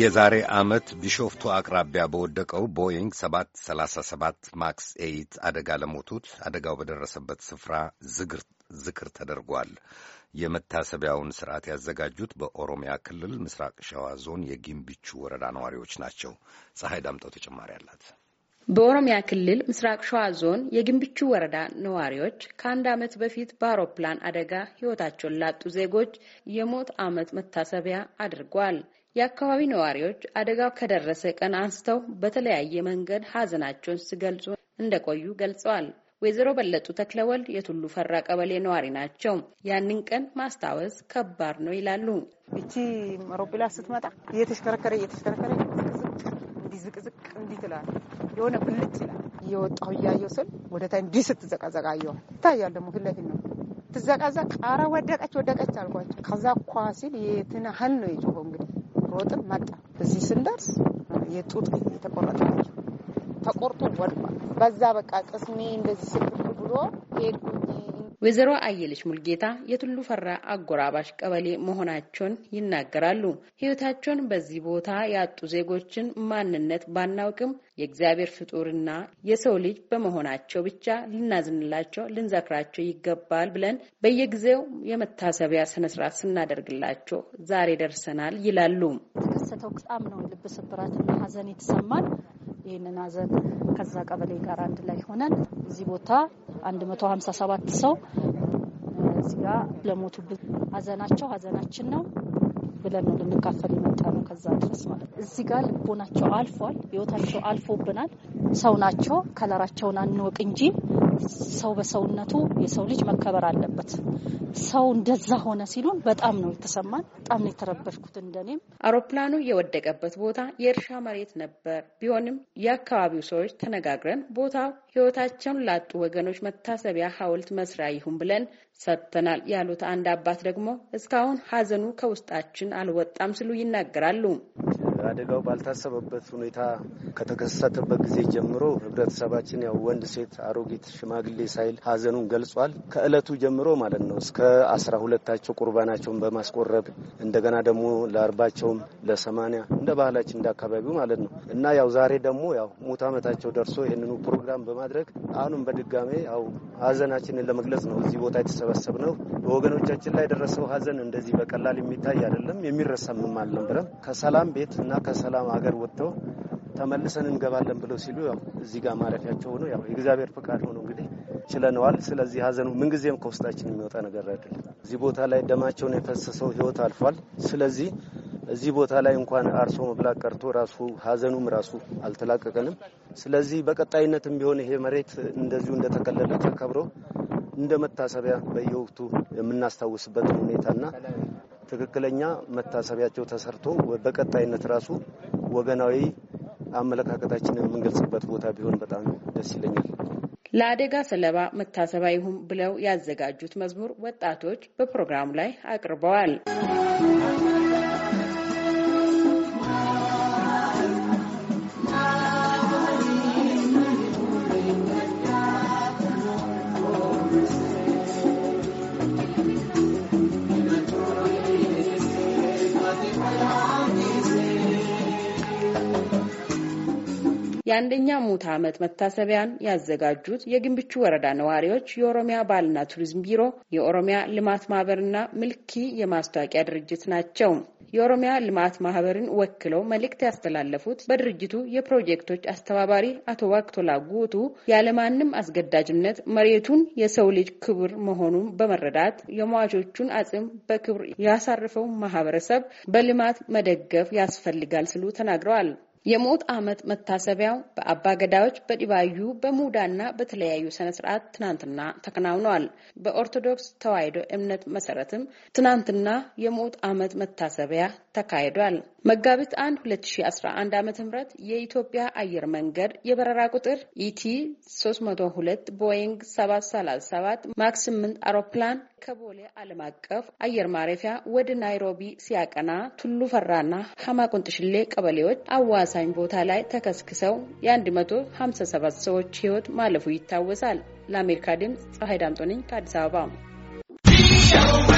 የዛሬ ዓመት ቢሾፍቱ አቅራቢያ በወደቀው ቦይንግ 737 ማክስ ኤይት አደጋ ለሞቱት አደጋው በደረሰበት ስፍራ ዝክር ተደርጓል። የመታሰቢያውን ስርዓት ያዘጋጁት በኦሮሚያ ክልል ምስራቅ ሸዋ ዞን የጊምቢቹ ወረዳ ነዋሪዎች ናቸው። ፀሐይ ዳምጠው ተጨማሪ አላት። በኦሮሚያ ክልል ምስራቅ ሸዋ ዞን የግንብቹ ወረዳ ነዋሪዎች ከአንድ ዓመት በፊት በአውሮፕላን አደጋ ሕይወታቸውን ላጡ ዜጎች የሞት ዓመት መታሰቢያ አድርጓል። የአካባቢ ነዋሪዎች አደጋው ከደረሰ ቀን አንስተው በተለያየ መንገድ ሀዘናቸውን ሲገልጹ እንደቆዩ ገልጸዋል። ወይዘሮ በለጡ ተክለወልድ የቱሉ ፈራ ቀበሌ ነዋሪ ናቸው። ያንን ቀን ማስታወስ ከባድ ነው ይላሉ። እቺ ሮቢላ ስትመጣ እየተሽከረከረ እየተሽከረከረ እንዲህ ዝቅዝቅ እንዲህ ትላል የሆነ ብልጭ ይላል። እየወጣሁ እያየሁ ስል ወደ ታይ እንዲህ ስትዘቃዘቃ አየዋል። ይታያል ደግሞ ፊት ለፊት ነው ትዘቃዘቅ። ኧረ ወደቀች ወደቀች አልኳቸው። ከዛ ኳ ሲል የትን ያህል ነው የጮኸው እንግዲህ ሮጥን መጣ። እዚህ ስንደርስ የጡት የተቆረጠ ተቆርጦ ወድቋል። በዛ በቃ ቅስሜ እንደዚህ ስብር ብሎ ሄድኩኝ። ወይዘሮ አየለች ሙልጌታ የቱሉ ፈራ አጎራባሽ ቀበሌ መሆናቸውን ይናገራሉ። ሕይወታቸውን በዚህ ቦታ ያጡ ዜጎችን ማንነት ባናውቅም የእግዚአብሔር ፍጡርና የሰው ልጅ በመሆናቸው ብቻ ልናዝንላቸው፣ ልንዘክራቸው ይገባል ብለን በየጊዜው የመታሰቢያ ስነስርዓት ስናደርግላቸው ዛሬ ደርሰናል ይላሉ። የተከሰተው በጣም ነው ልብ ስብራትና ሀዘን የተሰማን ይህንን ሀዘን ከዛ ቀበሌ ጋር አንድ ላይ ሆነን እዚህ ቦታ 157 ሰው እዚህ ጋር ለሞቱብን ሀዘናቸው ሀዘናችን ነው ብለን ነው ልንካፈል የመጣ ነው። ከዛ ድረስ ማለት ነው። እዚህ ጋር ልቦናቸው አልፏል፣ ህይወታቸው አልፎብናል። ሰው ናቸው። ከለራቸውን አንወቅ እንጂ ሰው በሰውነቱ የሰው ልጅ መከበር አለበት። ሰው እንደዛ ሆነ ሲሉን በጣም ነው የተሰማን። በጣም ነው የተረበሽኩት። እንደኔም አውሮፕላኑ የወደቀበት ቦታ የእርሻ መሬት ነበር። ቢሆንም የአካባቢው ሰዎች ተነጋግረን ቦታው ሕይወታቸውን ላጡ ወገኖች መታሰቢያ ሐውልት መስሪያ ይሁን ብለን ሰጥተናል ያሉት አንድ አባት ደግሞ እስካሁን ሀዘኑ ከውስጣችን አልወጣም ሲሉ ይናገራሉ። አደጋው ባልታሰበበት ሁኔታ ከተከሰተበት ጊዜ ጀምሮ ህብረተሰባችን ያው ወንድ፣ ሴት፣ አሮጊት፣ ሽማግሌ ሳይል ሀዘኑን ገልጿል። ከእለቱ ጀምሮ ማለት ነው እስከ አስራ ሁለታቸው ቁርባናቸውን በማስቆረብ እንደገና ደግሞ ለአርባቸውም ለሰማኒያ እንደ ባህላችን እንደ አካባቢው ማለት ነው እና ያው ዛሬ ደግሞ ያው ሙት ዓመታቸው ደርሶ ይህንኑ ፕሮግራም በማድረግ አሁንም በድጋሜ ያው ሀዘናችንን ለመግለጽ ነው እዚህ ቦታ የተሰበሰብ ነው። በወገኖቻችን ላይ የደረሰው ሀዘን እንደዚህ በቀላል የሚታይ አይደለም የሚረሳምም አልነበረም። ከሰላም ቤት እና ከሰላም ሀገር ወጥተው ተመልሰን እንገባለን ብለው ሲሉ ያው እዚህ ጋር ማረፊያቸው ሆኖ ያው የእግዚአብሔር ፍቃድ ሆኖ እንግዲህ ችለነዋል። ስለዚህ ሀዘኑ ምንጊዜም ከውስጣችን የሚወጣ ነገር አይደለም። እዚህ ቦታ ላይ ደማቸውን የፈሰሰው ህይወት አልፏል። ስለዚህ እዚህ ቦታ ላይ እንኳን አርሶ መብላት ቀርቶ ራሱ ሀዘኑም ራሱ አልተላቀቀንም። ስለዚህ በቀጣይነትም ቢሆን ይሄ መሬት እንደዚሁ እንደተከለለ ተከብሮ እንደ መታሰቢያ በየወቅቱ የምናስታውስበት ሁኔታና ትክክለኛ መታሰቢያቸው ተሰርቶ በቀጣይነት ራሱ ወገናዊ አመለካከታችንን የምንገልጽበት ቦታ ቢሆን በጣም ደስ ይለኛል። ለአደጋ ሰለባ መታሰቢያ ይሁን ብለው ያዘጋጁት መዝሙር ወጣቶች በፕሮግራሙ ላይ አቅርበዋል። የአንደኛ ሙት ዓመት መታሰቢያን ያዘጋጁት የግንብቹ ወረዳ ነዋሪዎች የኦሮሚያ ባህልና ቱሪዝም ቢሮ፣ የኦሮሚያ ልማት ማህበርና ምልኪ የማስታወቂያ ድርጅት ናቸው። የኦሮሚያ ልማት ማህበርን ወክለው መልእክት ያስተላለፉት በድርጅቱ የፕሮጀክቶች አስተባባሪ አቶ ዋቅቶላ ጉቱ ያለማንም አስገዳጅነት መሬቱን የሰው ልጅ ክቡር መሆኑን በመረዳት የሟቾቹን አጽም በክብር ያሳረፈው ማህበረሰብ በልማት መደገፍ ያስፈልጋል ሲሉ ተናግረዋል። የሞት ዓመት መታሰቢያው በአባ ገዳዮች በዲባዩ በሙዳና በተለያዩ ስነ ስርዓት ትናንትና ተከናውኗል። በኦርቶዶክስ ተዋሕዶ እምነት መሰረትም ትናንትና የሞት ዓመት መታሰቢያ ተካሂዷል። መጋቢት 1 2011 ዓ ም የኢትዮጵያ አየር መንገድ የበረራ ቁጥር ኢቲ 302 ቦይንግ 737 ማክስ 8 አውሮፕላን ከቦሌ ዓለም አቀፍ አየር ማረፊያ ወደ ናይሮቢ ሲያቀና ቱሉ ፈራና ሐማቁንጥሽሌ ቀበሌዎች አዋሳ ተመሳሳይ ቦታ ላይ ተከስክሰው የ157 ሰዎች ሕይወት ማለፉ ይታወሳል። ለአሜሪካ ድምፅ ፀሐይ ዳምጦ ነኝ ከአዲስ አበባ።